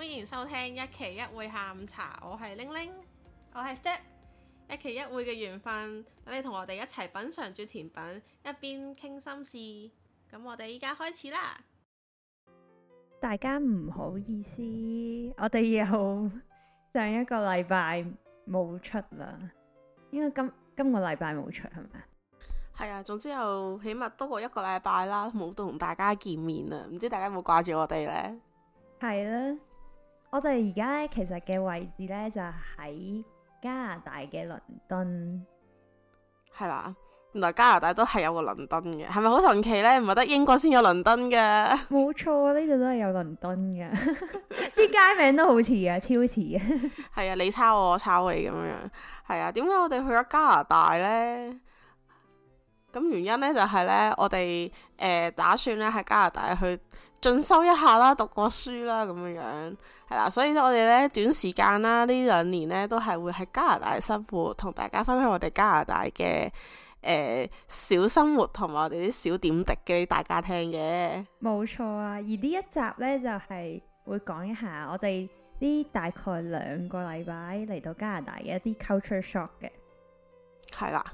歡迎收聽一期一會下午茶，我係玲玲，我係 Step，一期一會嘅緣分，等你同我哋一齊品嚐住甜品，一邊傾心事。咁我哋依家開始啦。大家唔好意思，我哋又 上一個禮拜冇出啦，應該今今個禮拜冇出係咪？係啊，總之又起碼多過一個禮拜啦，冇到同大家見面啦。唔知大家有冇掛住我哋咧？係啦、啊。我哋而家其實嘅位置呢，就喺、是、加拿大嘅倫敦，係嘛？原來加拿大都係有個倫敦嘅，係咪好神奇呢？唔係得英國先有倫敦嘅？冇錯錯，呢度都係有倫敦嘅，啲 街名都好似呀， 超似嘅。係啊，你抄我，我抄你咁樣。係啊，點解我哋去咗加拿大呢？咁原因呢，就係呢，我哋、呃、打算呢，喺加拿大去。進修一下啦，讀過書啦，咁樣樣係啦，所以呢，我哋呢短時間啦，呢兩年呢，都係會喺加拿大生活，同大家分享我哋加拿大嘅、誒、呃、小生活同埋我哋啲小點滴畀大家聽嘅。冇錯啊，而呢一集呢，就係、是、會講一下我哋啲大概兩個禮拜嚟到加拿大嘅一啲 culture shock 嘅，係啦，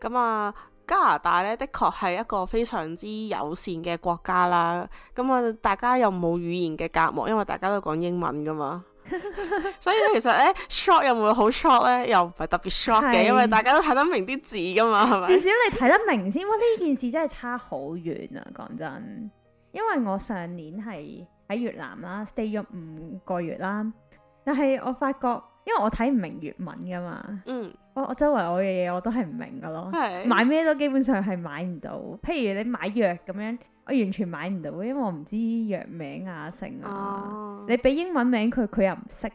咁啊。加拿大咧，的確係一個非常之友善嘅國家啦。咁啊，大家又冇語言嘅隔膜，因為大家都講英文噶嘛。 所以其實咧，shock 又有冇好 shock 咧，又唔係特別 shock 嘅，是因為大家都睇得明啲字噶嘛，係咪？至少你睇得明先。嗰呢 件事真係差好遠啊！講真，因為我上年係喺越南啦 ，stay 咗五個月啦，但係我發覺。因為我睇唔明粵文噶嘛，我、嗯哦、我周圍我嘅嘢我都係唔明噶咯，的買咩都基本上係買唔到，譬如你買藥咁樣，我完全買唔到，因為我唔知藥名啊，成啊，啊你俾英文名佢，佢又唔識，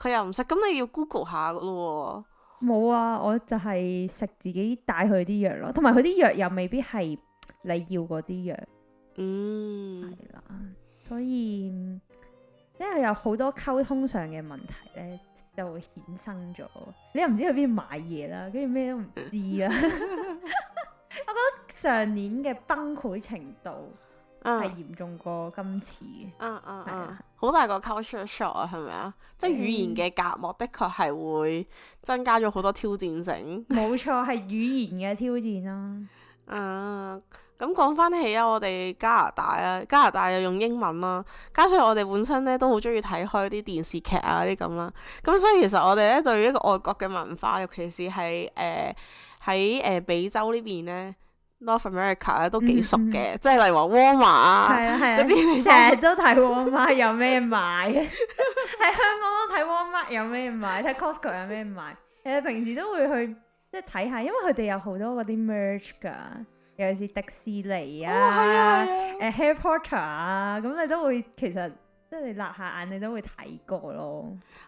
佢又唔識，咁你要 Google 下咯，冇啊，我就係食自己帶去啲藥咯，同埋佢啲藥又未必係你要嗰啲藥，嗯，係啦，所以因為有好多溝通上嘅問題咧。就會衍生咗，你又唔知去邊買嘢啦，跟住咩都唔知啊！ 我覺得上年嘅崩潰程度係、uh, 嚴重過今次嘅，嗯嗯、啊、嗯，好大個 culture shock 啊，係咪啊？即係語言嘅隔膜，的確係會增加咗好多挑戰性。冇 錯，係語言嘅挑戰囉。啊！Uh, 咁講翻起啊，我哋加拿大啊，加拿大又用英文啦，加上我哋本身咧都好中意睇開啲電視劇啊啲咁啦，咁所以其實我哋咧對於一個外國嘅文化，尤其是係誒喺誒美洲呢邊咧，North America 咧都幾熟嘅，嗯嗯、即係例如話 Walmart 啊，啊，嗰啲成日都睇 w a l Walmart 有咩買，喺 香港都睇 w a l Walmart 有咩買，睇 Costco 有咩買，其實平時都會去即係睇下，因為佢哋有好多嗰啲 merge 㗎。尤其是迪士尼啊，Harry Potter 啊，咁、嗯、你都會其實即係你立下眼，你都會睇過咯。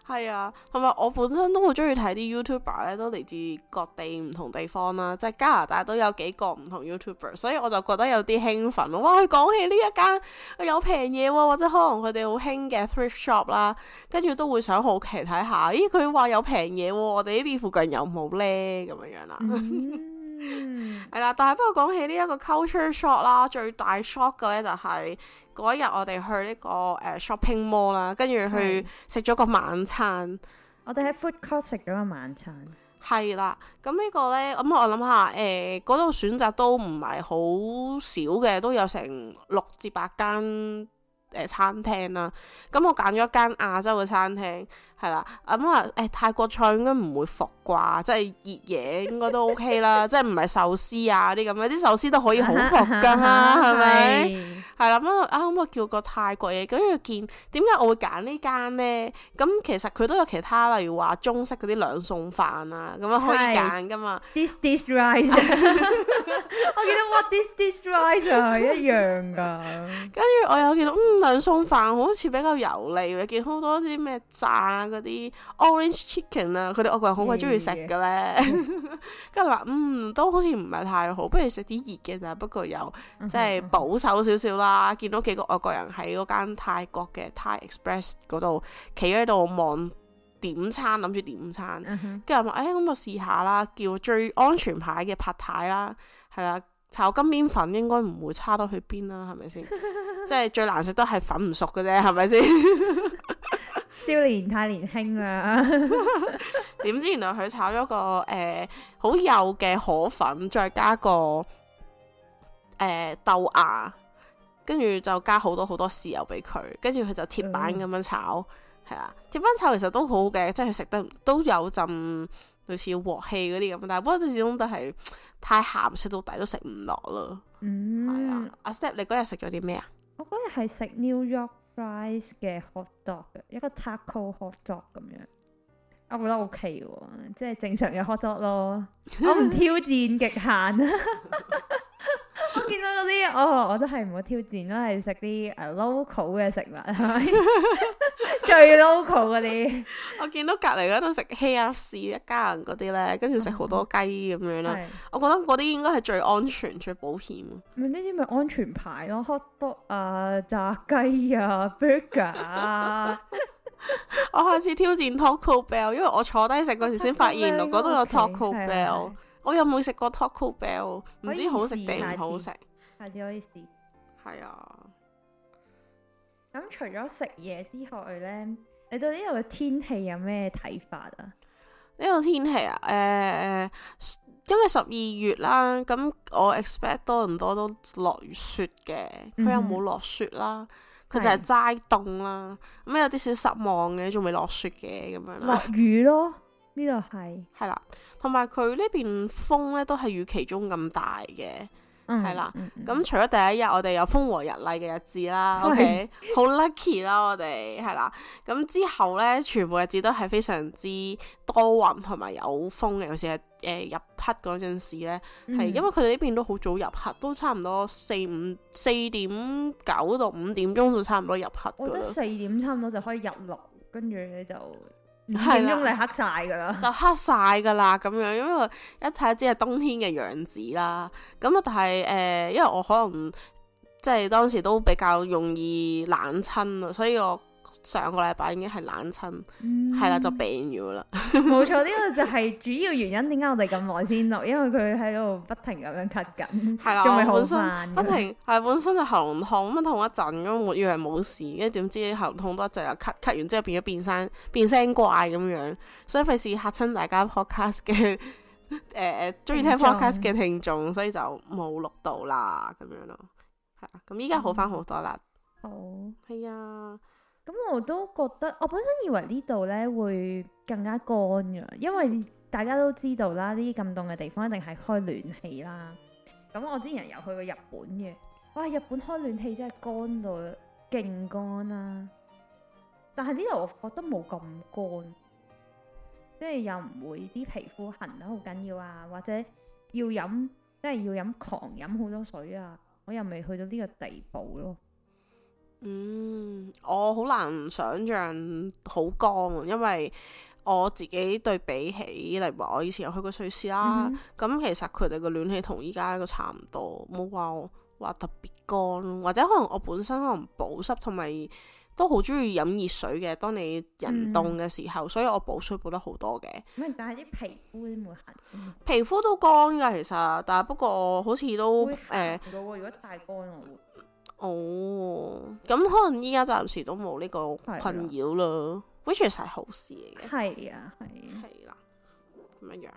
係啊，同埋我本身都好中意睇啲 YouTuber 咧，都嚟自各地唔同地方啦。即係加拿大都有幾個唔同 YouTuber，所以我就覺得有啲興奮咯。哇，講起呢一間有平嘢喎，或者可能佢哋好興嘅 Thrift Shop 啦，跟住都會想好奇睇下，咦佢話有平嘢喎，我哋呢邊附近有冇呢？咁樣樣、啊、啦。嗯 嗯，係啦， 但係不過講起呢一個 culture shock 啦，最大 shock 嘅咧就係嗰一日我哋去呢、這個誒、呃、shopping mall 啦，跟住去食咗個晚餐。 嗯、我哋喺 food court 食咗個晚餐。係、呃、啦，咁呢個咧，咁我諗下，誒嗰度選擇都唔係好少嘅，都有成六至八間。誒餐廳啦，咁我揀咗一間亞洲嘅餐廳，係啦，咁啊誒泰國菜應該唔會服啩，即係熱嘢應該都 OK 啦，即係唔係壽司啊啲咁樣，啲壽司都可以好服噶嘛，係咪？係啦，咁啊啱啱我叫個泰國嘢，跟住見點解我會揀呢間咧？咁其實佢都有其他，例如話中式嗰啲兩餸飯啊，咁樣可以揀噶嘛。This This Rise 我記得 What This This Rise 係一樣㗎，跟住我又見到嗯。上松飯好似比較油膩，你見好多啲咩炸嗰啲 orange chicken 啊，佢哋外國人好鬼中意食嘅咧。跟住話，嗯，都好似唔係太好，不如食啲熱嘅，但不過又即係保守少少啦。見到幾個外國人喺嗰間泰國嘅 Thai Express 嗰度企喺度望點餐，諗住點餐。跟住話，誒咁、哎、我試下啦，叫最安全牌嘅 Pad Thai 啦，係啦、啊。炒金邊粉應該唔會差到去邊啦，係咪先？ 即係最難食都係粉唔熟嘅啫，係咪先？ 少年太年輕啦，點 知原來佢炒咗個誒好、呃、幼嘅河粉，再加個誒、呃、豆芽，跟住就加好多好多豉油俾佢，跟住佢就鐵板咁樣炒，係啦、嗯，鐵板炒其實都好嘅，即係食得都有陣，類似鑊氣嗰啲咁，但係不過都始終都係太鹹，食到底都食唔落咯。嗯，係啊。阿 Step，你嗰日食咗啲咩啊？我嗰日係食 New York Fries 嘅 Hot Dog 嘅，一個 Taco Hot Dog 咁樣。我覺得 OK 喎，即係正常嘅 Hot Dog 咯。 我唔挑戰極限啊！ 我見到嗰啲，哦，我都係唔好挑戰，都係食啲誒 local 嘅食物，係咪 最 local 嗰啲？我見到隔離嗰度食 KFC 一家人嗰啲咧，跟住食好多雞咁樣啦。啊、我覺得嗰啲應該係最安全、最保險。咪呢啲咪安全牌咯，hot dog 啊，炸雞啊，burger 啊。 我下次挑戰 Taco Bell，因為我坐低食嗰時先發現，嗰度、啊嗯那個、有 Taco okay, Bell。我又冇食過 Taco Bell，唔知好食定唔好食。下次可以試。係啊。咁除咗食嘢之外呢，你對呢度嘅天氣有咩睇法啊？呢度天氣啊，誒誒，因為十二月啦，咁我 expect 多倫多都落雨雪嘅，佢又冇落雪啦，佢、嗯、就係齋凍啦，咁的、嗯、有啲少失望嘅，仲未落雪嘅咁樣落雨咯。呢度係係啦，同埋佢呢邊風咧都係預期中咁大嘅，係啦。咁除咗第一日，我哋有風和日麗嘅日子啦，OK，好 lucky 啦，我哋係啦。咁之後咧，全部日子都係非常之多雲同埋有風嘅。尤其係誒入黑嗰陣時咧，係、嗯、因為佢哋呢邊都好早入黑，都差唔多四五四點九到五點鐘就差唔多入黑。我覺得四點差唔多就可以日落，跟住咧就。五點鐘就黑晒噶啦，就黑晒噶啦咁樣，因為一睇知係冬天嘅樣子啦。咁啊，但係誒，因為我可能即係當時都比較容易冷親啊，所以我。上個禮拜已經係冷親，係啦，就病咗啦。冇錯、yes, just， 呢個就係主要原因。點解我哋咁耐先錄？因為佢喺度不停咁樣咳緊，係啦，仲未好生不停，係本身就喉嚨痛咁啊痛一陣咁，因為我以為冇事，跟住點知喉嚨痛多一陣又咳，咳完之後變咗變聲，變聲怪咁樣，所以費事吓親大家 podcast。podcast 嘅，誒誒，中意聽 podcast 嘅聽眾，所以就冇錄到啦咁樣咯，係啦。咁依家好翻好多啦，哦，係啊。咁我都覺得，我本身以為呢度呢會更加乾嘅，因為大家都知道啦，呢啲咁凍嘅地方一定係開暖氣啦。咁我之前又去過日本嘅，哇！日本開暖氣真係乾到勁乾啦，啊，但係呢度我覺得冇咁乾，即係又唔會啲皮膚痕得好緊要啊，或者要飲即係要飲狂飲好多水啊，我又未去到呢個地步咯。嗯，我好難想象好乾，因為我自己對比起，例如我以前有去過瑞士啦，咁、嗯、其實佢哋個暖氣同依家個差唔多，冇話話特別乾，或者可能我本身可能保濕同埋都好中意飲熱水嘅，當你人凍嘅時候，嗯、所以我補水補得好多嘅。但係啲皮膚會唔會痕？皮膚都乾噶，其實，但係不過好似都誒，呃、如果太乾我會哦，咁可能依家暫時都冇呢個困擾咯。which is 係好事嚟嘅。係啊，係。係啦，咁樣樣。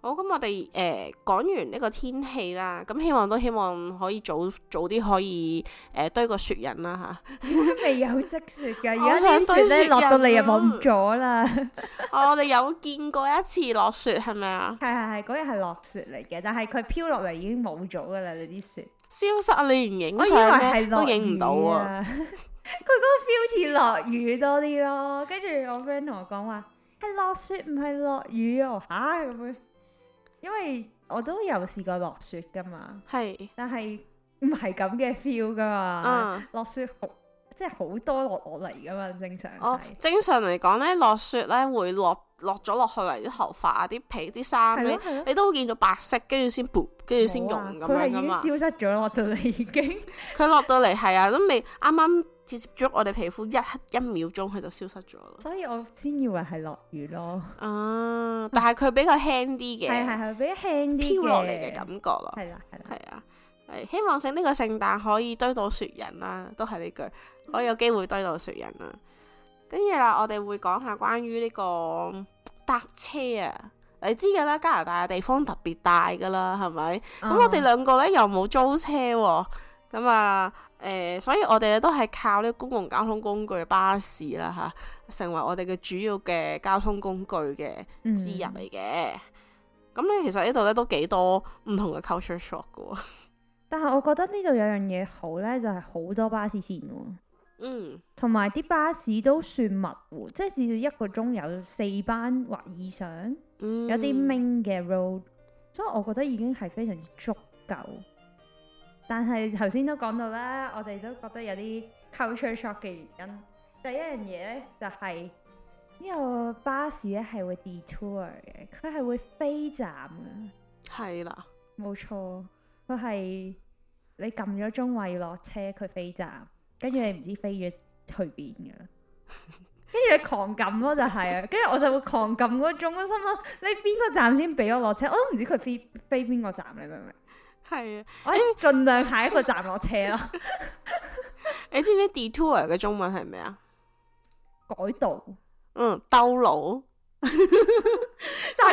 好，咁我哋誒講完呢個天氣啦，咁希望都希望可以早早啲可以誒、呃、堆個雪人啦吓。未 有積雪噶，而家啲雪咧落到嚟又冇咗啦。 哦、我哋有見過一次落雪係咪啊？係係係，嗰日係落雪嚟嘅，但係佢飄落嚟已經冇咗噶啦，你啲雪。消失啊！你唔影我以為係落雨都影唔到啊！佢嗰個 feel 似落雨多啲咯，跟住我 friend 同我講話係落雪唔係落雨哦吓，咁樣，因為我都有試過落雪噶嘛，係是，但係唔係咁嘅 feel 噶嘛，落、嗯、雪。即係好多落落嚟噶嘛，正常。哦，正常嚟講咧，落雪咧會落落咗落去嚟啲頭髮啊、啲皮、啲衫，你都會見到白色，跟住先薄，跟住先融咁樣噶嘛。消失咗落到嚟，已經。佢 落到嚟係啊，都未啱啱接觸我哋皮膚一一秒鐘，佢就消失咗。所以我先以為係落雨咯。哦、啊，但係佢比較輕啲嘅，係係係，比較輕啲飄落嚟嘅感覺咯。係啦的，係啦的，係啊。希望聖呢個聖誕可以堆到雪人啦、啊，都係呢句，我有機會堆到雪人啦、啊。跟住啦，我哋會講下關於呢、這個搭車啊，你知噶啦，加拿大嘅地方特別大噶啦，係咪？咁、嗯、我哋兩個咧又冇租車，咁啊，誒、啊呃，所以我哋咧都係靠呢公共交通工具巴士啦吓、啊，成為我哋嘅主要嘅交通工具嘅之一嚟嘅。咁咧、嗯，其實呢度咧都幾多唔同嘅 culture shock 噶。 但係我覺得呢度有樣嘢好呢，就係、是、好多巴士線喎，嗯，同埋啲巴士都算密喎，即、就、係、是、至少一個鐘有四班或以上，嗯、有啲 main 嘅 road，所以我覺得已經係非常之足夠。但係頭先都講到啦，我哋都覺得有啲 culture shock 嘅原因。第一樣嘢呢，就係、是、呢個巴士咧係會 detour 嘅，佢係會飛站嘅，係啦的，冇錯，佢係。你撳咗中位落車，佢飛站，跟住你唔知飛咗去邊噶，跟住 你狂撳咯，就是，就係，跟住我就會狂撳嗰種咯，心諗你邊個站先俾我落車，我都唔知佢飛飛邊個站，你明唔明？係、啊，我盡量下一個站落車咯。 你知唔知 detour 嘅中文係咩啊？改道，嗯，兜路。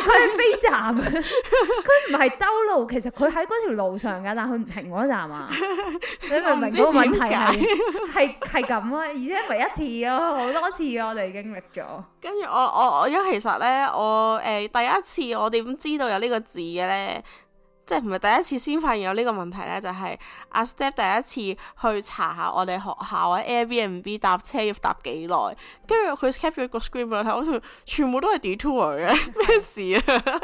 佢係 飛站，佢唔係兜路。 其實佢喺嗰條路上嘅， 但係佢唔停嗰站啊！ 知你明唔明嗰個問題係係係咁啊？而且唔係一次啊，好多次，啊、我哋經歷咗。跟住我我我因為其實咧，我誒、呃、第一次我點知道有呢個字嘅咧？即係唔係第一次先發現有呢個問題咧，就係、是、阿 Step 第一次去查下我哋學校或 Airbnb 搭車要搭幾耐，跟住佢 cap 咗個 screen 俾我睇，好似全部都係 detour 嘅，咩 的事啊？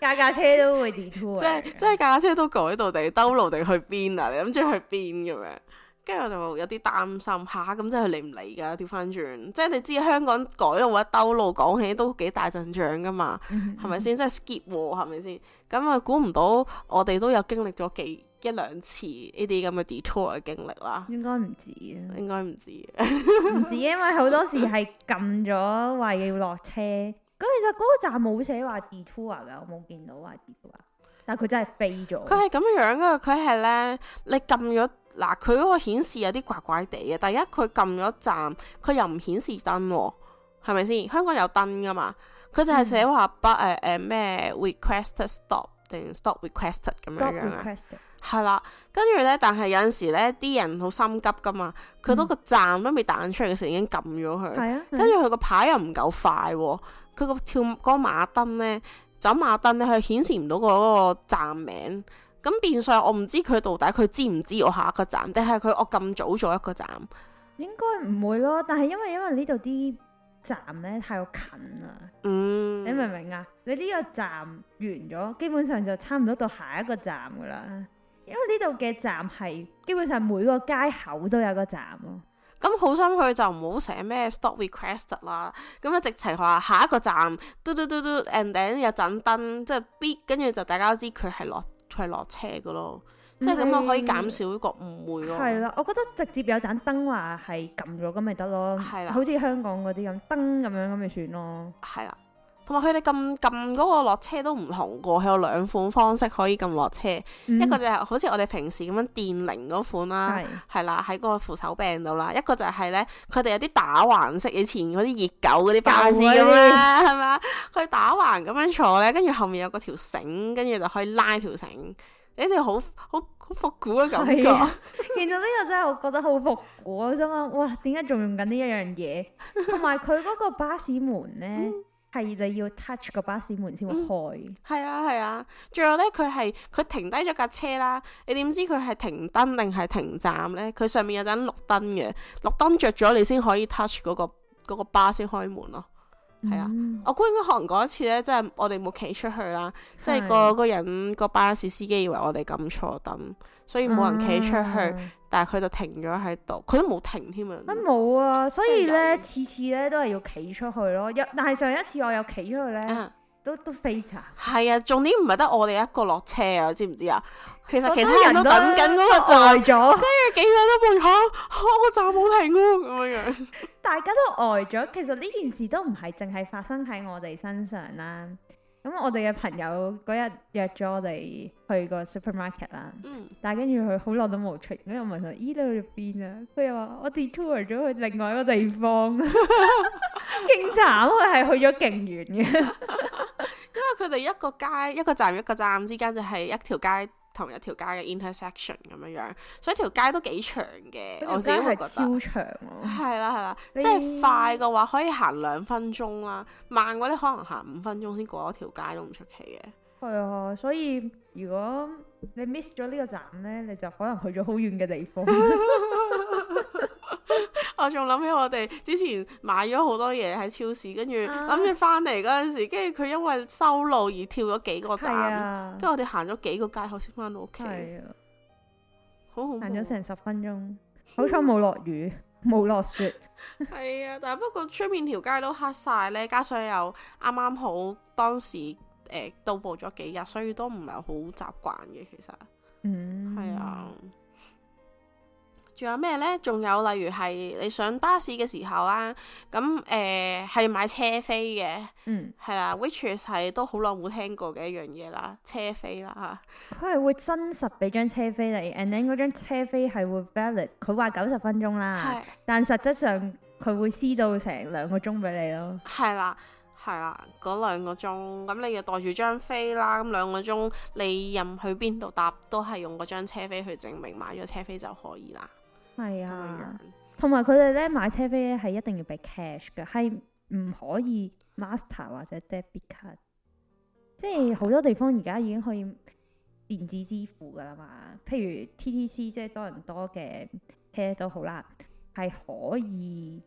架架車都會 detour，即係即係架架車都改到地，兜路定去邊啊？你諗住去邊咁樣？跟住我就有啲擔心吓，咁即係佢嚟唔嚟㗎？調翻轉，即係你知香港改路或者兜路講起都幾大陣仗㗎嘛？係咪先？即係 skip 喎，係咪先？咁啊，估唔到我哋都有經歷咗幾一兩次呢啲咁嘅 detour 嘅經歷啦。應該唔止啊，應該唔止，唔止，因為好多時係撳咗話要落車，咁其實嗰個站冇寫話 detour 㗎，我冇見到話 detour，但係佢真係飛咗。佢係咁樣啊！佢係咧，你撳咗。嗱，佢嗰個顯示有啲怪怪地嘅。第一，佢撳咗站，佢又唔顯示燈，啊，係咪先？香港有燈噶嘛？佢就係寫話不誒誒咩 requested、嗯呃呃 stop 定 stop requested 咁樣樣啊。係啦，跟住咧，但係有陣時咧，啲人好心急噶嘛。佢嗰個站都未彈出嚟嘅時候，已經撳咗佢。跟住佢個牌又唔夠快喎，啊。佢個跳嗰個馬燈咧，走馬燈咧，佢顯示唔到個嗰個站名。咁變相，我唔知佢到底佢知唔知我下一個站，定係佢我咁早做一個站應該唔會咯。但係因為因為呢度啲站咧太近啦，嗯，你明唔明啊？你呢個站完咗，基本上就差唔多到下一個站噶啦。因為呢度嘅站係基本上每個街口都有個站咯。咁好心佢就唔好寫咩 stop request 啦。咁啊，直情話下一個站嘟嘟嘟嘟 and then 有盞燈，即係 bit 跟住就大家都知佢係落佢落斜嘅咯，即係咁樣可以減少一個誤會咯。係啦是、啊，我覺得直接有一盞燈話係撳咗咁咪得咯，係啦、啊，好似香港嗰啲咁燈咁樣咁咪算咯。係啊。同埋佢哋撳撳嗰個落車都唔同過，佢有兩款方式可以撳落車，一個就係好似我哋平時咁樣電鈴嗰款啦，係啦，喺個扶手柄度啦，一個就係咧，佢哋有啲打橫式，以前嗰啲熱狗嗰啲巴士咁樣，係咪啊？佢打橫咁樣坐咧，跟住後面有嗰條繩，跟住就可以拉條繩，哎、欸，啲好好好復古嘅感覺。見、啊、到呢個真係我覺得好復古咋嘛？ 哇，點解仲用緊呢一樣嘢？同埋佢嗰個巴士門咧。嗯係你要 touch 個巴士門先會開，係啊係啊。仲有咧，佢係佢停低咗架車啦，你點知佢係停燈定係停站咧？佢上面有盞綠燈嘅，綠燈着咗你先可以 touch 嗰個嗰個巴先開門咯。係 啊，我估應該可能嗰一次咧，即、就、係、是、我哋冇企出去啦，即係個個人個巴士司機以為我哋咁坐等，所以冇人企出去，啊、但係佢就停咗喺度，佢都冇停添啊，咁冇啊，所以咧次次咧都係要企出去咯，有但係上一次我有企出去咧。啊都都非常。係 啊，重點唔係得我哋一個落車啊，知唔知啊？其實其他人都等緊嗰個站咗。跟住幾個都換下，我站冇停咯咁樣。大家都呆咗。 其實呢件事都唔係淨係發生喺我哋身上啦。咁我哋嘅朋友嗰日約咗我哋去個 supermarket 啦。嗯、但係跟住佢好耐都冇出，跟住問佢：咦、欸，去咗邊啊？佢又話：我 detour 咗去另外一個地方，勁 慘！佢係去咗勁遠嘅。 因為佢哋一個街一個站，一個站之間就係一條街同一條街嘅 intersection 咁樣樣，所以條街都幾長嘅，我，我自己會覺得超長係啦係啦，你即係快嘅話可以行兩分鐘啦，慢啲可能行五分鐘先過一條街都唔出奇嘅。係啊，所以如果你 miss 咗呢個站呢，你就可能去咗好遠嘅地方。 我仲諗起我哋之前買咗好多嘢喺超市，跟住諗住翻嚟嗰陣時，跟住佢因為修路而跳咗幾個站，跟住、啊、我哋行咗幾個街口先翻到屋企，啊、好恐怖，行咗成十分鐘。好彩冇落雨，冇落、啊、雪。係 啊，但係不過出面條街都黑晒呢。 加上又啱啱好當時誒、呃、到步咗幾日，所以都唔係好習慣嘅其實。嗯，係啊。仲有咩咧？仲有例如係你上巴士嘅時候啦，咁誒係買車飛嘅，嗯係啦，which is 係都好耐冇聽過嘅一樣嘢啦，車飛啦吓。佢係會真實俾張車飛你，and then 嗰張車飛係會 valid。佢話九十分鐘啦，的但實質上佢會撕到成兩個鐘俾你咯。係啦，係啦，嗰兩個鐘咁你要袋住張飛啦。咁兩個鐘你任去邊度搭都係用嗰張車飛去證明買咗車飛就可以啦。係啊，同埋佢哋咧買車飛咧係一定要俾 cash 嘅，係唔可以 master 或者 debit card。即係好多地方而家已經可以電子支付噶啦嘛，譬如 TTC 即係多倫多嘅車都好啦，係可以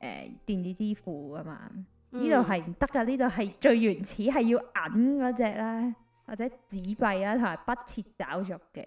誒、呃、電子支付噶嘛。呢度係唔得噶，呢度係最原始係要銀嗰隻啦，或者紙幣啦、啊，同埋不設找續嘅。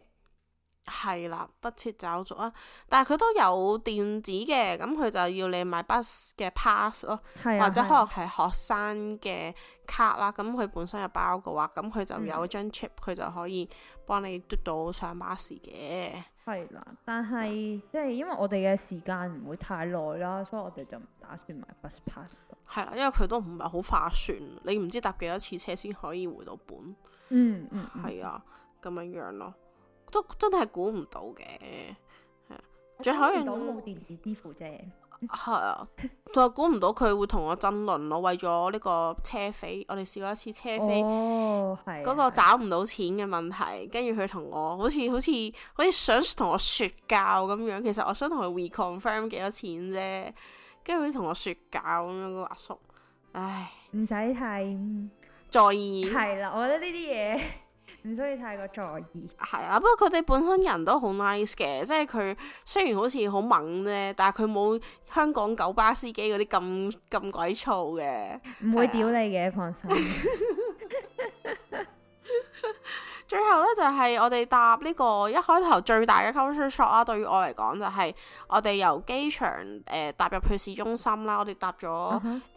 係啦、啊，不設找續啊，但係佢都有電子嘅，咁佢就要你買 bus 嘅 pass 咯、啊，或者可能係學生嘅卡啦，咁佢、啊、本身有包嘅話，咁佢就有張 chip 佢就可以幫你嘟到上巴士嘅。係啦、啊，但係即係因為我哋嘅時間唔會太耐啦，所以我哋就唔打算買 bus pass。係啦、啊，因為佢都唔係好劃算，你唔知搭幾多次車先可以回到本。嗯嗯，係、嗯嗯、啊，咁樣樣咯。都真係估唔到嘅，係啊，最後原來都冇電子支付啫。係啊，仲估唔到佢會同我爭論咯。我為咗呢個車費，我哋試過一次車費，嗰、哦啊、個找唔到錢嘅問題，跟住佢同我好似好似好似想同我說教咁樣。其實我想同佢 reconfirm 幾多錢啫，跟住佢同我說教咁樣、嗰個阿叔，唉，唔使太在意。係啦、啊，我覺得呢啲嘢。唔需要太過在意。係啊，不過佢哋本身人都好 nice 嘅，即係佢雖然好似好猛啫，但係佢冇香港九巴司機嗰啲咁咁鬼燥嘅，唔會屌你嘅，放心。最後咧就係、是、我哋搭呢個一開頭最大嘅 culture shock 啦。對於我嚟講就係我哋由機場誒、呃、搭入去市中心啦。我哋搭咗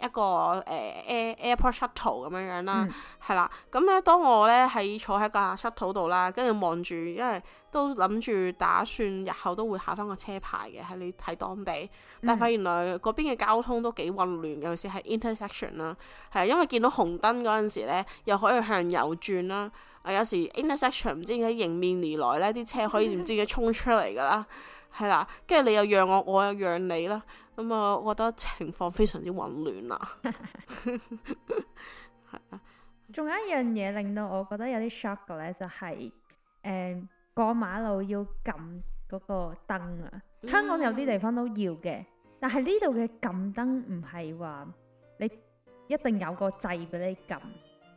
一個誒、呃、air airport shuttle 咁樣樣啦，係啦、嗯。咁咧當我咧喺坐喺架 shuttle 度啦，跟住望住，因為，都諗住打算日後都會考翻個車牌嘅喺你睇當地，但係原來嗰邊嘅交通都幾混亂，尤其是係 intersection 啦，係因為見到紅燈嗰陣時咧，又可以向右轉啦，啊有時 intersection 唔知點解迎面而來咧，啲車可以唔知佢衝出嚟噶啦，係啦， 跟住你又讓我，我又讓你啦，咁、嗯、啊，我覺得情況非常之混亂啦，仲 的有一樣嘢令到我覺得有啲 shock 嘅咧，就係誒。過馬路要撳嗰個燈啊！香港有啲地方都要嘅，但係呢度嘅撳燈唔係話你一定有個掣俾你撳，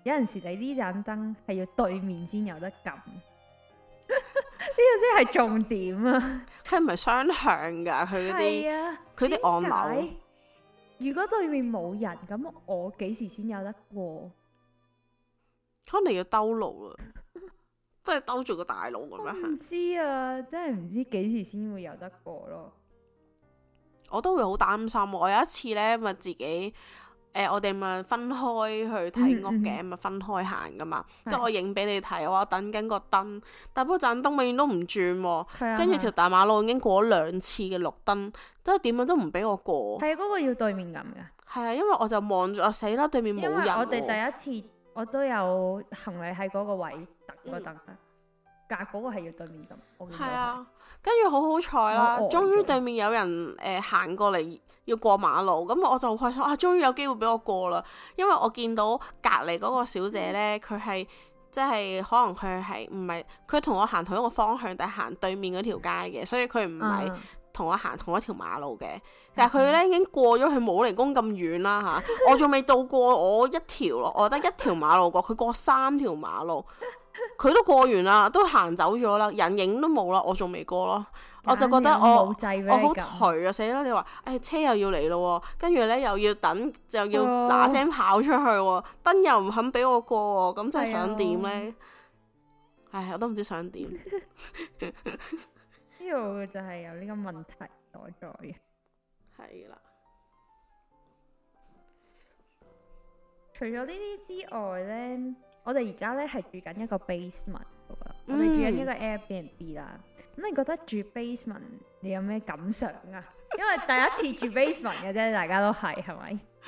有陣時你呢盞燈係要對面先有得撳，呢個先係重點啊！佢唔係雙向噶，佢嗰啲佢啲按鈕，如果對面冇人，咁我幾時先有得過？可能要兜路啦。真係兜住個大路咁樣行。唔知啊，真係唔知幾時先會有得過咯。我都會好擔心。我有一次呢咪自己誒、呃，我哋咪分開去睇屋嘅，咪、嗯嗯、分開行噶嘛。即係的我影俾你睇我，我等緊個燈，但不過盞燈永遠都唔轉喎。跟住條大馬路已經過咗兩次嘅綠燈，即係點樣都唔俾我過。係啊，嗰、那個要對面咁嘅。係啊，因為我就望住，我、啊、死啦，對面冇人我。我哋第一次，我都有行李喺嗰個位。嗰度，但係嗰個係要對面咁，係啊，跟住好好彩啦，終於對面有人誒行、呃、過嚟要過馬路，咁我就開心啊！終於有機會俾我過啦，因為我見到隔籬嗰個小姐呢，佢係即係可能佢係唔係佢同我行同一個方向，定係行對面嗰條街嘅，所以佢唔係同我行同一條馬路嘅。嗯、但係佢呢已經過咗，去武寧宮咁遠啦吓，啊、 我仲未到過我一條咯，我得一條馬路過，佢過三條馬路。佢 都過完啦，都行走咗啦，人影都冇啦，我仲未過咯， 我就覺得我 我，我好頹啊！死啦，你話，誒、哎、車又要嚟咯，跟住呢又要等，就要嗱聲跑出去，燈又唔肯俾我過，咁真係想點呢？ 唉，我都唔知想點，呢度就係有呢個問題所在嘅，係 啦。除咗呢啲之外呢。我哋而家咧係住緊一個 basement，我哋住緊一個 Airbnb 啦。咁、嗯、你覺得住 basement 你有咩感想啊？因為第一次住 basement 嘅啫，大家都係，係咪？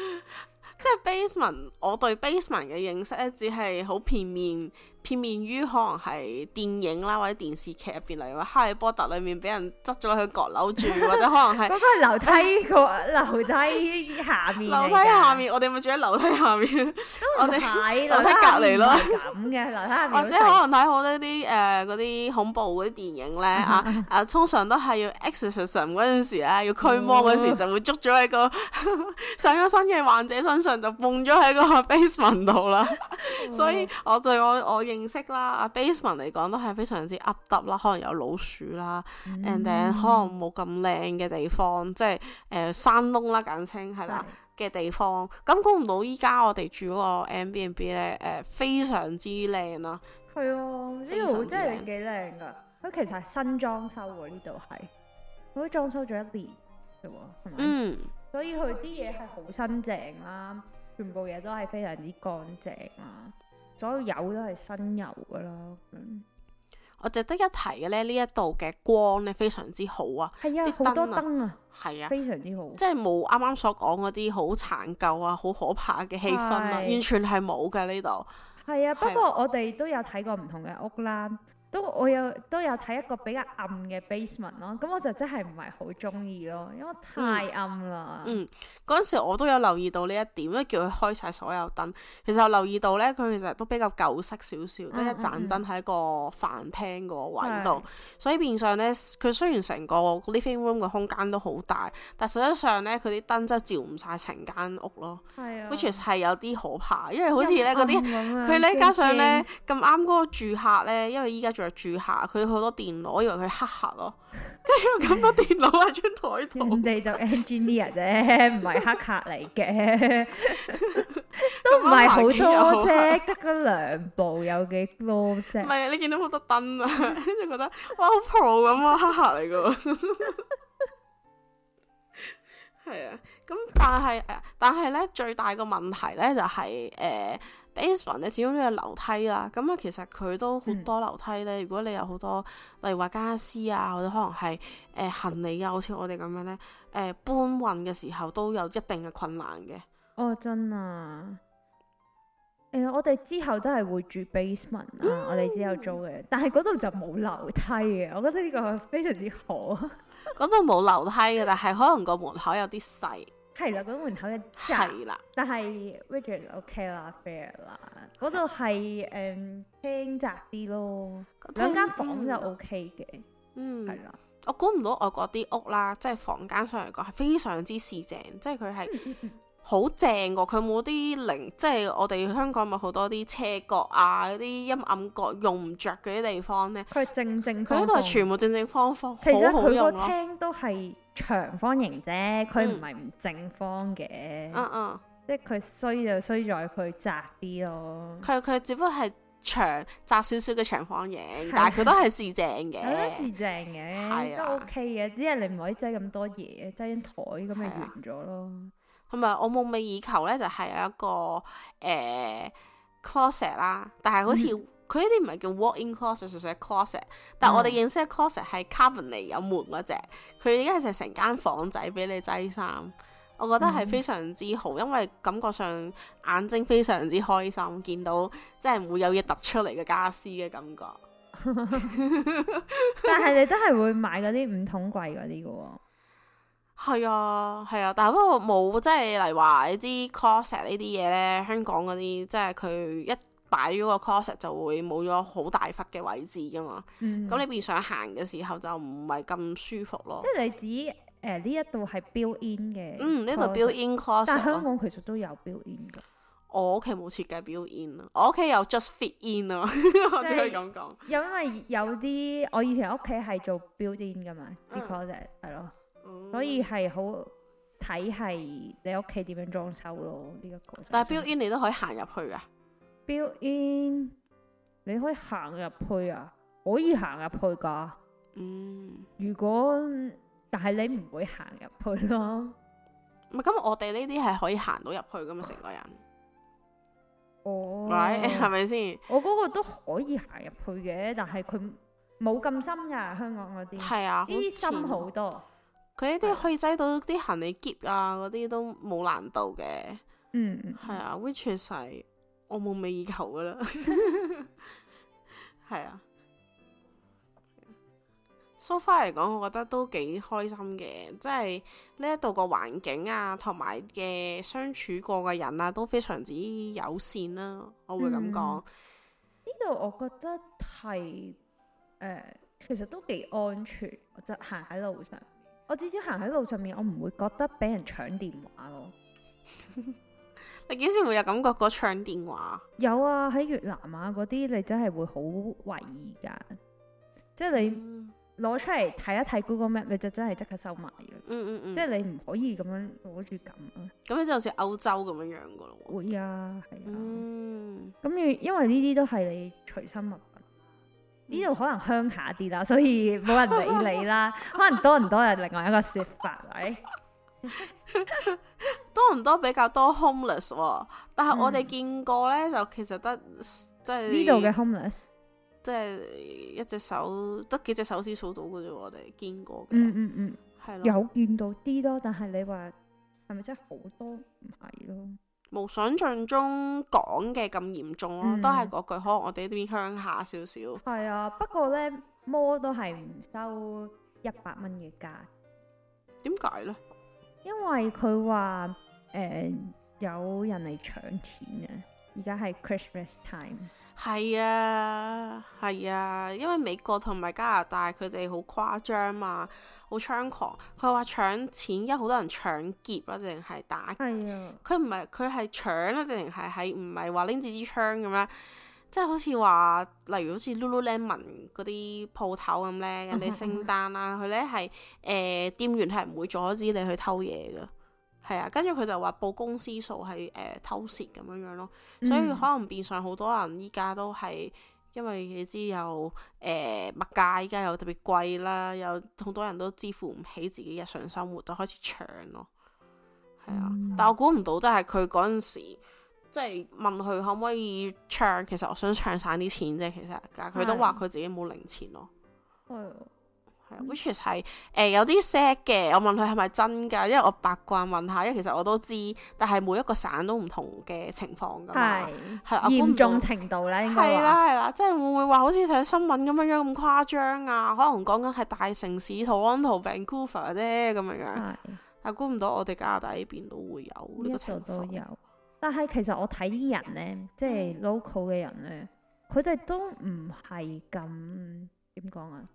即係 basement，我對 basement 嘅認識咧，只係好片面。片面於可能係電影啦，或者電視劇入邊，例如，哈利波特裡面俾人執咗去閣樓住，或者可能係嗰個係樓梯個 樓梯下面。 樓梯下面，我哋咪住喺樓梯下面，我哋樓梯隔離咯。咁嘅樓梯下面，或者可能睇好多啲誒啲恐怖嗰啲電影咧 啊啊，啊，通常都係要 exorcism 嗰陣時咧、啊，要驅魔嗰時就會捉咗喺個 上咗身嘅患者身上，就蹦咗喺個 basement 度啦。 所以我對我我認識啦，basement 阿嚟講都係非常之 up up 啦，可能有老鼠啦、嗯、，and then 可能冇咁靚嘅地方，即係誒、呃、山窿啦簡稱係啦嘅是地方。咁估唔到依家我哋住嗰個 Airbnb 咧，誒、呃、非常之靚咯。係啊，呢度、啊這個、真係幾靚噶，佢其實係新裝修喎，呢度係，佢都裝修咗一年嘅嗯，所以佢啲嘢係好新淨啦、啊。全部嘢都係非常之乾淨啊！所有油都係新油噶啦。嗯，我值得一提嘅咧，呢一度嘅光咧非常之好啊。係啊，好多燈啊。係啊，非常之好。即係冇啱啱所講嗰啲好殘舊啊、好可怕嘅氣氛啊，係。完全係冇嘅呢度。係啊，啊，不過我哋都有睇過唔同嘅屋啦。都我有都有睇一個比較暗嘅 basement 咯，咁我就真係唔係好中意咯，因為太暗啦、嗯。嗯，陣時我都有留意到呢一點，因為叫佢開晒所有燈，其實我留意到咧，佢其實都比較舊式少少，得、嗯嗯嗯、一盞燈喺個飯廳個位度，是所以變相咧，佢雖然成個 living room 嘅空間都好大，但實際上咧，佢啲燈真係照唔晒成間屋咯。係啊，which 係有啲可怕，因為好似咧啲佢咧，加上咧咁啱嗰個住客咧，因為依家住。住下佢好多電腦，以為佢黑客咯，即係 因為有咁多電腦喺張台度。人哋就 engineer 啫，唔係黑客嚟嘅， 都唔係好多啫，得咗兩部有幾多啫？唔係你見到好多燈啊，跟 住覺得哇好 pro 咁啊，黑客嚟噶。係 啊，咁但係誒，但係咧最大個問題咧就係、是、誒。呃 Basement 咧，basement，始終都有樓梯啦。咁啊，其實佢都好多樓梯呢。嗯、如果你有好多，例如話傢俬啊，或者可能係誒、呃、行李，又好似我哋咁樣呢，誒、呃、搬運嘅時候都有一定嘅困難嘅。哦，真啊！欸、我哋之後都係會住 basement 啊，嗯、我哋之後租嘅，但係嗰度就冇樓梯嘅。我覺得呢個非常之好。嗰度冇樓梯嘅，但係可能個門口有啲細。係啦，嗰門口一扎。係啦的，但係 v i h a y 就 O K 啦，fair 啦。嗰度係誒輕窄啲咯，兩間房就 O K 嘅。嗯，係啦。我估唔到外國啲屋啦，即係房間上嚟講係非常之市正，即係佢係好正噶。佢冇啲零， 即係我哋香港咪好多啲車角啊，啲陰暗角用唔着嗰啲地方咧。佢正正，佢嗰度係全部正正方方，其實佢個廳都係。長方形啫，佢唔係唔正方嘅，嗯，嗯嗯，即係佢衰就衰，衰在佢窄啲咯。佢佢只不過係長窄少少嘅長方形， 但係佢都係是， 是正嘅，係都係正嘅，都 OK 嘅。只係你唔可以擠咁多嘢，擠張台咁咪完咗咯。係咪？同埋我夢寐以求咧就係、是、有一個誒 closet 啦，呃、Cl et，但係好似、嗯。佢呢啲唔係叫 walk-in closet，純粹 closet。但係我哋認識嘅 closet 係 cabinet 有門嗰隻。佢依家係成成間房仔俾你擠衫，我覺得係非常之好，因為感覺上眼睛非常之開心，見到即係唔會有嘢突出嚟嘅家私嘅感覺。但係你都係會買嗰啲五桶櫃嗰啲㗎喎。係啊，係啊，但係不過冇即係嚟話啲 closet 呢啲嘢咧，香港嗰啲即係佢一。擺咗個 closet 就會冇咗好大忽嘅位置噶嘛，咁你變想行嘅時候就唔係咁舒服咯。即係你指誒呢一度係 build in 嘅，嗯呢度 build in closet，但係香港其實都有 build in 噶。我屋企冇設計 build in 我屋企有 just fit in 啊， 我只可以咁講。因為有啲我以前屋企係做 build in 噶嘛，啲 closet 係咯，嗯、所以係好睇係你屋企點樣裝修咯呢一、這個但。但係 build in 你都可以行入去噶。build in 你可以行入去啊，可以行入去噶。嗯，如果但係你唔會行入去咯。唔係咁，我哋呢啲係可以行到入去噶嘛？成個人哦，係咪先？我嗰個都可以行入去嘅，但係佢冇咁深噶。香港嗰啲係啊，啲深好多。佢呢啲可以擠到啲行李篋啊，嗰啲都冇難度嘅。嗯，係啊，嗯，which is。我夢寐以求噶啦，係啊。So far 嚟講，我覺得都幾開心嘅，即係呢一度個環境啊，同埋嘅相處過嘅人啊，都非常之友善啦、啊。我會咁講。呢度、嗯、我覺得係誒、呃，其實都幾安全。我即係行喺路上，我至少行喺路上面，我唔會覺得俾人搶電話咯。 你幾時會有感覺？嗰搶電話？有啊，喺越南啊嗰啲，你真係會好懷疑噶。即係你攞出嚟睇一睇 Google Map，你就真係即刻收埋嘅。即係你唔可以咁樣攞住咁啊。咁你就好似歐洲咁樣樣噶咯。會啊，係啊。嗯，咁要因為呢啲都係你隨身物品。呢度、嗯、可能鄉下啲啦，所以冇人理你啦。 可能多唔多係另外一個說法嚟。 多唔多比較多 homeless，但係我哋見過呢，嗯、就其實得即係呢、就、度、是、嘅 homeless，即係一隻手隻手得幾隻手指數到嘅啫。我哋見過嘅、嗯，嗯嗯嗯，係咯，有見到啲咯，但係你話係咪真係好多？唔係咯，冇想象中講嘅咁嚴重咯，嗯、都係嗰句，可能我哋呢邊鄉下少少。係、嗯、啊，不過呢，摩都係唔收一百蚊嘅價，點解呢？因為佢話誒，有人嚟搶錢啊，而家係 Christmas time，係啊係啊，因為美國同埋加拿大佢哋好誇張嘛，好猖狂。佢話搶錢，因為好多人搶劫啦，定係打？係啊，佢唔係佢係搶啦，定係喺唔係話拎住支槍咁樣？即係好似話，例如好似 Lululemon 嗰啲鋪頭咁呢，人哋聖誕啦，佢 呢係誒、呃、店員係唔會阻止你去偷嘢㗎，係啊，跟住佢就話報公司數係誒、呃、偷竊咁樣樣咯，所以可能變相好多人依家都係因為你知有誒、呃、物價依家又特別貴啦，有好多人都支付唔起自己日常生活就開始搶咯，係啊，但我估唔到真係佢嗰陣時。即係問佢可唔可以唱，其實我想唱散啲錢啫，其實，但係佢都話佢自己冇零錢咯。係係啊，which is 係誒有啲 sad 嘅。我問佢係咪真噶，因為我八卦問下，因為其實我都知，但係每一個省都唔同嘅情況噶嘛。係係啊，嚴重程度咧係啦係啦，即係會唔會話好似睇新聞咁樣樣咁誇張啊？可能講緊係大城市 Toronto、Vancouver 啫咁樣樣。但估唔到我哋加拿大呢邊都會有呢個情況。但係其實我睇啲人咧，即係 local 嘅人咧，佢哋都唔係咁點講啊？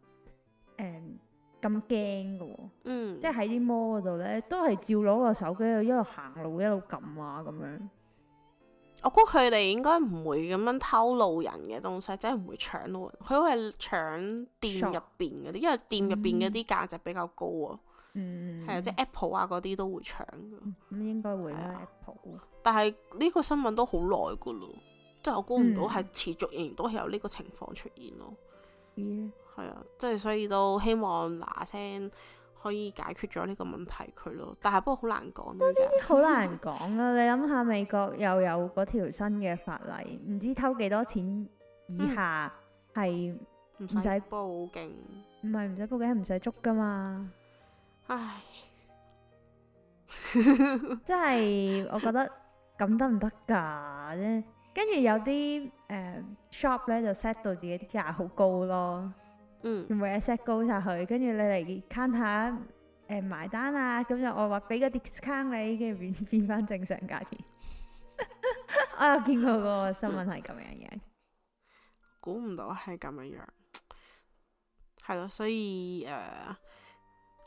誒，咁驚㗎喎，嗯，哦、嗯即係喺啲 mall 嗰度咧，都係照攞個手機喺度一路行路，一路撳啊咁樣。我估佢哋應該唔會咁樣偷路人嘅東西，即係唔會搶到。佢會搶店入邊嗰啲，嗯、因為店入邊嗰啲價值比較高啊、哦。嗯，係啊，即係 Apple 啊，嗰啲都會搶嘅，咁、嗯、應該會 App 啊 Apple。但係呢個新聞都好耐噶咯，嗯、即係我估唔到係持續仍然都係有呢個情況出現咯。咦、嗯？係啊，即係、啊就是、所以都希望嗱聲可以解決咗呢個問題佢咯，但係不過好難講。真係好難講啦！ 你諗下美國又有嗰條新嘅法例，唔知偷幾多錢以下係唔使報警，唔係唔使報警，唔使捉噶嘛。唉 真，真係我覺得咁得唔得噶？咧，跟住有啲誒 shop 咧就 set 到自己啲價好高咯，嗯，全部 set 高晒佢，跟住你嚟 count 下誒埋單啊，咁就我話俾個 discount 你，跟住變變翻正常價錢。 我有見過個新聞係咁樣嘅、嗯，估唔到係咁樣樣，係咯，所以誒。呃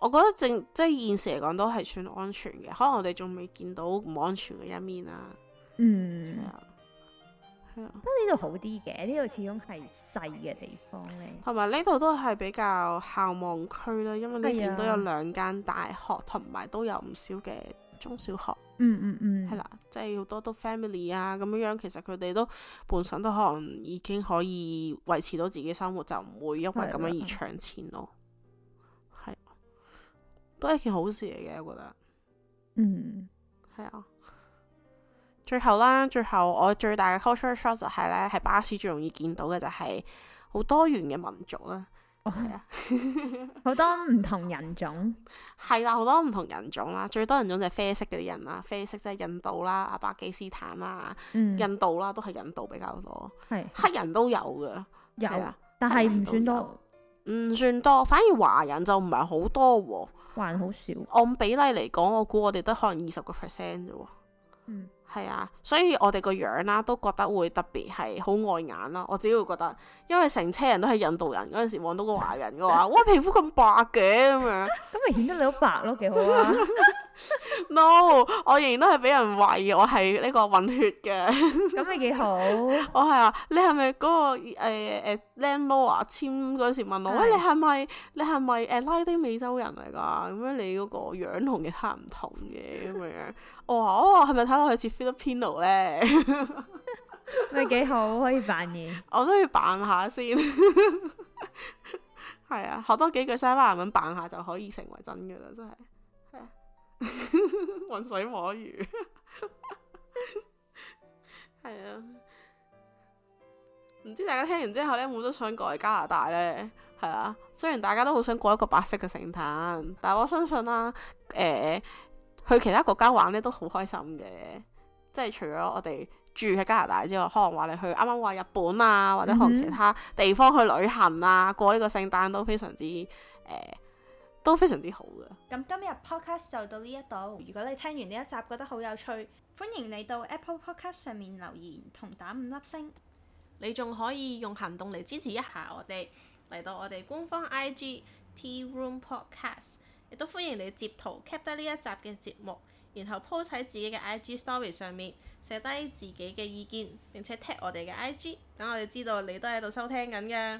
我覺得正即係現時嚟講都係算安全嘅，可能我哋仲未見到唔安全嘅一面啊。嗯，係啊，係啊。不過呢度好啲嘅，呢度始終係細嘅地方咧。同埋呢度都係比較校網區啦，因為呢邊都有兩間大學，同埋都有唔少嘅中小學。嗯嗯嗯。係啦，即係好多都 family 啊咁樣樣，其實佢哋都本身都可能已經可以維持到自己生活，就唔會因為咁樣而搶錢咯。嗯嗯嗯嗯。都係一件好事嚟嘅，我覺得，嗯，係啊。最後啦，最後我最大嘅 culture shock 就係咧，喺巴士最容易見到嘅就係好多元嘅民族啦，哦，係啊的，好 多唔同人種係啦，好多唔同人種啦。最多人種就係啡色嘅啲人啦，啡色即係印度啦，阿巴基斯坦啦，嗯、印度啦都係印度比較多，係、嗯、黑人都有嘅，的有，的但係唔算多，唔算多，反而華人就唔係好多。還好少，按比例嚟講，我估我哋得可能二十個 percent 啫。嗯，係啊，所以我哋個樣啦、啊，都覺得會特別係好礙眼啦。我只會覺得，因為成車人都係印度人嗰陣時，望到個華人嘅話，哇， 皮膚咁白嘅咁樣，咁咪顯得你好白咯，幾好啊！ no， 我仍然都係俾人懷疑我係呢個混血嘅，咁咪幾好？ 我係、那個欸欸欸、啊，你係咪嗰個誒誒靚 law 啊？簽嗰時問我，喂、欸，你係咪你係咪誒拉丁美洲人嚟噶，、啊？咁樣你嗰個樣同其他唔同嘅咁樣，我話哦，係咪睇落好似 Philippino 咧？你幾好可以扮嘢。 我都要扮下先，係 啊，學多幾句西班牙文扮下就可以成為真噶啦，真係。 渾水摸魚， 係 啊，唔知大家聽完之後呢，有冇都想過嚟加拿大呢？係啦、啊，雖然大家都好想過一個白色嘅聖誕，但係我相信啦、啊，誒、呃，去其他國家玩呢都好開心嘅，即係除咗我哋住喺加拿大之外，可能話你去啱啱話日本啊，或者去其他地方去旅行啊，過呢個聖誕都非常之、呃都非常之好嘅。咁今日 podcast 就到呢一度。如果你聽完呢一集覺得好有趣，歡迎你到 Apple Podcast 上面留言同打五粒星。你仲可以用行動嚟支持一下我哋，嚟到我哋官方 IG Tea Room Podcast。亦都歡迎你截圖 cap 得呢一集嘅節目，然後 post 喺自己嘅 IG Story 上面寫低自己嘅意見，並且 tag 我哋嘅 IG，等我哋知道你都喺度收聽緊嘅。